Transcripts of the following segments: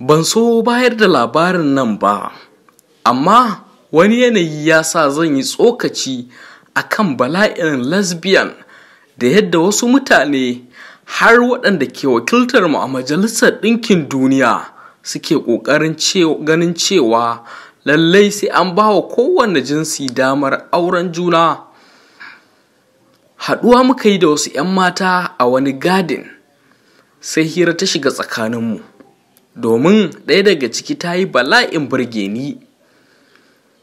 ban so bayar da labarin nan ba amma wani yanayi ya sa zan yi tsokaci a kan bala'in lesbian da yadda wasu mutane har waɗanda ke wakiltar mu a majalisar ɗinkin duniya suke ƙoƙarin ganin cewa lallai sai an ba wa kowane jinsi damar auren juna haɗuwa muka yi da wasu 'yan mata a wani gadin sai hira ta shiga tsakaninmu domin ɗaya daga ciki ta yi bala'in burgeni.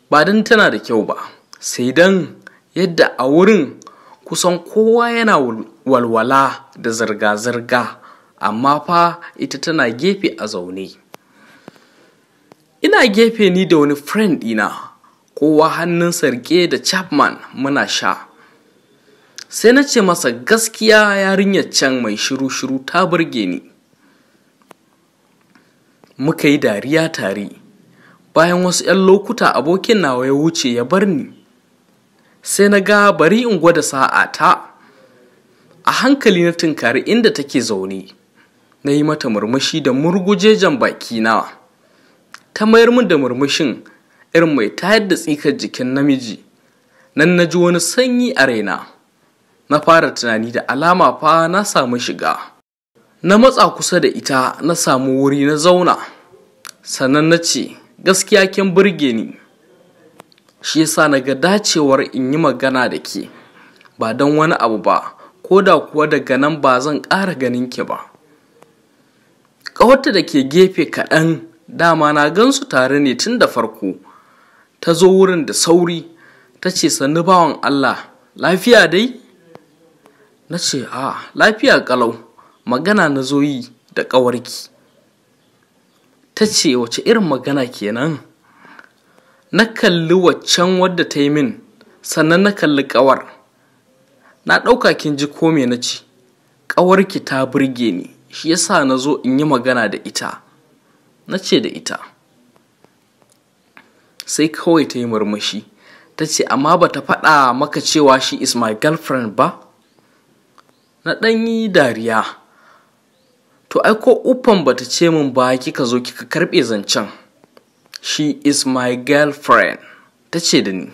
ba don tana da kyau ba sai don yadda a wurin kusan kowa yana walwala da zirga-zirga amma fa ita tana gefe a zaune ina gefe ni da wani friend ɗina kowa hannun sarke da chapman muna sha sai na ce masa gaskiya yarinyar can mai shiru-shiru ta burge ni muka yi dariya tare bayan wasu 'yan lokuta abokin nawa ya wuce ya bar ni sai na ga bari in gwada sa'a ta a hankali na tunkari inda take zaune na yi mata murmushi da murgujejen baki na ta mayar min da murmushin irin mai tayar da tsikar jikin namiji nan na ji wani sanyi a raina na fara tunani da alama fa na samu shiga na matsa kusa da ita na samu wuri na zauna sannan na ce gaskiya kin burge ni shi yasa na ga dacewar in yi magana da ke ba don wani abu ba ko da kuwa daga nan ba zan ƙara ganin ki ba ƙawarta da ke gefe kaɗan dama na gansu tare ne tun da farko ta zo wurin da sauri ta ce sannu bawan allah lafiya dai na ce a ah, lafiya ƙalau magana na zoyi yi da ƙawarki ta ce wace irin magana kenan na kalli waccan wadda ta yi min sannan na kalli ƙawar na ɗauka kin ji ko me na ce ƙawarki ta burge ni shi yasa na zo in yi magana da ita na ce da ita sai kawai ta yi murmushi ta ce amma ba ta faɗa maka cewa shi is my girlfriend ba na ɗanyi dariya to ai ko uffan bata ce min ba kika zo kika karɓe zancen she is my girlfriend ta ce da ni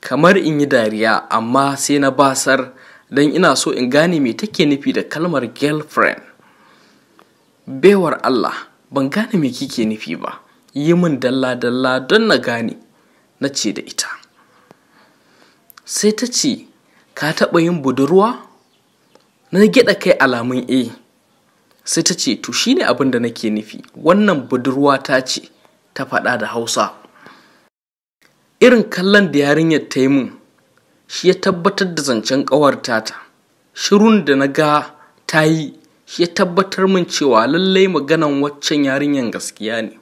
kamar in yi dariya amma sai na basar don ina so in gane me take nufi da kalmar girlfriend bewar Allah ban gane me kike nufi ba yi min dalla-dalla don na gane na ce da ita sai ta ce ka taɓa yin budurwa na gyaɗa kai alamun e sai ta ce to shine abin da nake nufi wannan budurwa ta ce ta faɗa da hausa irin kallon da yarinyar ta yi min shi ya tabbatar da zancen ƙawar tata shirun da na ga ta yi shi ya tabbatar min cewa lallai maganan waccan yarinyar gaskiya ne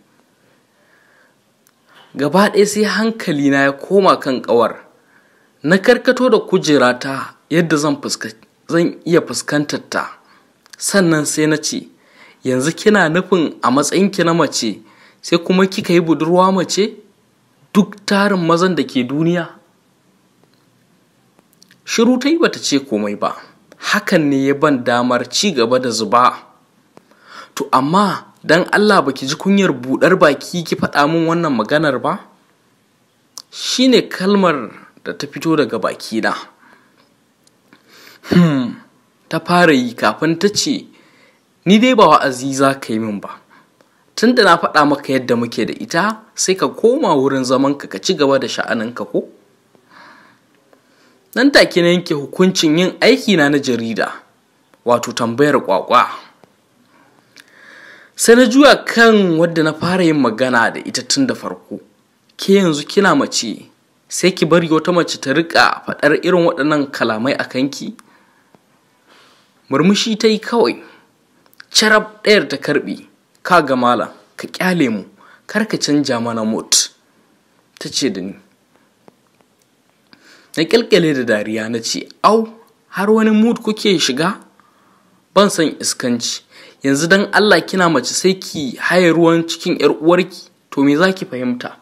gaba ɗaya sai hankali na ya koma kan ƙawar na karkato da kujera ta yadda zan iya fuskantar ta sannan sai na ce yanzu kina nufin a matsayinki na mace sai kuma kika yi budurwa mace duk tarin mazan da ke duniya shiru ta yi bata ce komai ba hakan ne ya ban damar ci gaba da zuba to amma don allah baki ji kunyar budar baki ki faɗa min wannan maganar ba shine kalmar da ta fito daga bakina hmm ta fara yi kafin ta ce ni dai ba wa Aziza ka yi min ba tun da na faɗa maka yadda muke da ita sai ka koma wurin zaman ka ka ci gaba da sha'aninka ko nan take na yanke hukuncin yin aiki na na jarida wato tambayar kwakwa sai na juya kan wadda na fara yin magana da ita tun da farko ke yanzu kina mace sai ki bari wata mace ta riƙa faɗar irin waɗannan kalamai a kanki murmushi ta yi kawai carab ɗayar ta karbi ka gamala ka kyale mu kar ka canja mana mot ta ce da ni na kyalkyale da dariya na ce au har wani mood kuke shiga ban san iskanci yanzu don allah kina mace sai ki haye ruwan cikin yar uwarki to me za ki fahimta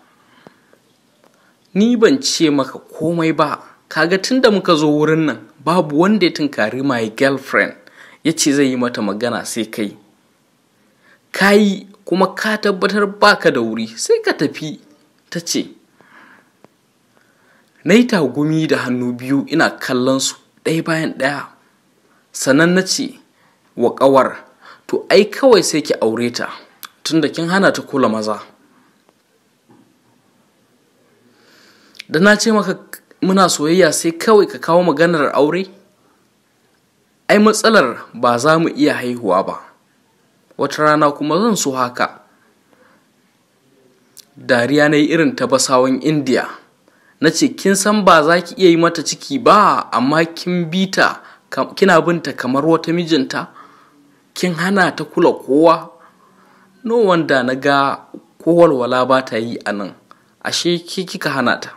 ni ban ce maka komai ba kaga tun da muka zo wurin nan babu wanda ya tunkari my girlfriend ya ce zai yi mata magana sai kai kayi kuma ka tabbatar baka da wuri sai ka tafi ta ce na yi tagumi da hannu biyu ina kallon su ɗaya bayan ɗaya sannan na ce wa ƙawar to ai kawai sai ki aure ta tunda kin hana ta kula maza da na ce maka muna soyayya sai kawai ka kawo maganar aure ai matsalar ba za mu iya haihuwa ba wata rana kuma zan so haka dariya na yi irin ta basawan indiya na ce kin san ba za ki iya yi mata ciki ba amma kin bita kina binta kamar wata mijinta kin hana ta kula kowa no wanda na ga kowalwala ba ta yi a nan ashe kika hana ta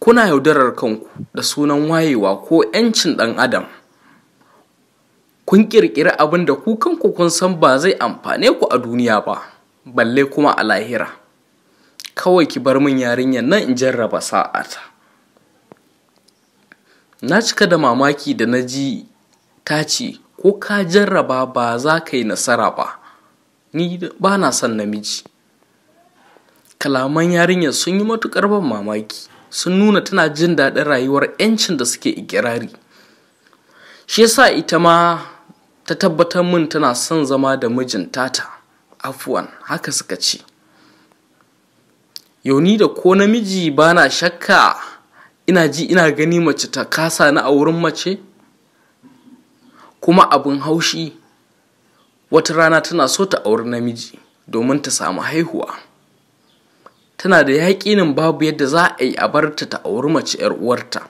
kuna yaudarar kanku da sunan wayewa ko 'yancin ɗan adam kun ƙirƙiri abin da ku kanku kun san ba zai amfane ku a duniya ba balle kuma a lahira kawai ki bar min yarinyar nan in jarraba sa'ata na cika da mamaki da na ji ta ce ko ka jarraba ba za ka yi nasara ba ni ba na son namiji kalaman yarinyar sun yi matuƙar ban mamaki sun nuna tana jin daɗin rayuwar 'yancin da suke ikirari shi yasa ita ma ta tabbatar min tana son zama da mijin tata afuwan haka suka ce yauni da ko namiji ba na shakka ina ji ina gani mace ta kasa na a wurin mace kuma abin haushi wata rana tana so ta auri namiji domin ta samu haihuwa tana da yaƙinin babu yadda za a yi a barta ta auri mace 'yar uwarta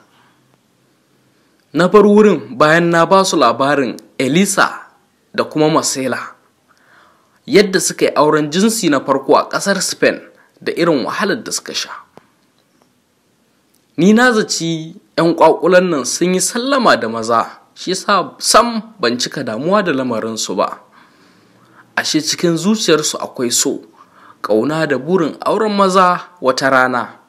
na bar wurin bayan na ba su labarin elisa da kuma masela yadda suka yi auren jinsi na farko a ƙasar spain da irin wahalar da suka sha ni na zaci 'yan ƙwaƙulan nan sun yi sallama da maza shi sa sam ban cika damuwa da lamarinsu ba ashe cikin zuciyarsu akwai so ƙauna da burin auren maza wata rana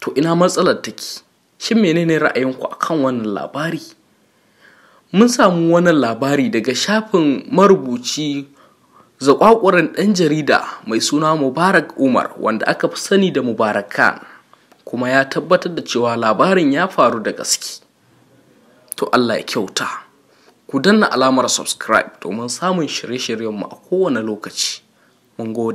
to ina matsalar take shin menene ra'ayinku kan wannan labari mun samu wannan labari daga shafin marubuci zakwakuran ɗan jarida mai suna mubarak umar wanda aka fi sani da mubarak khan kuma ya tabbatar da cewa labarin ya faru da gaske to allah ya kyauta ku danna alamar subscribe domin samun shirye-shiryenmu a kowane lokaci mun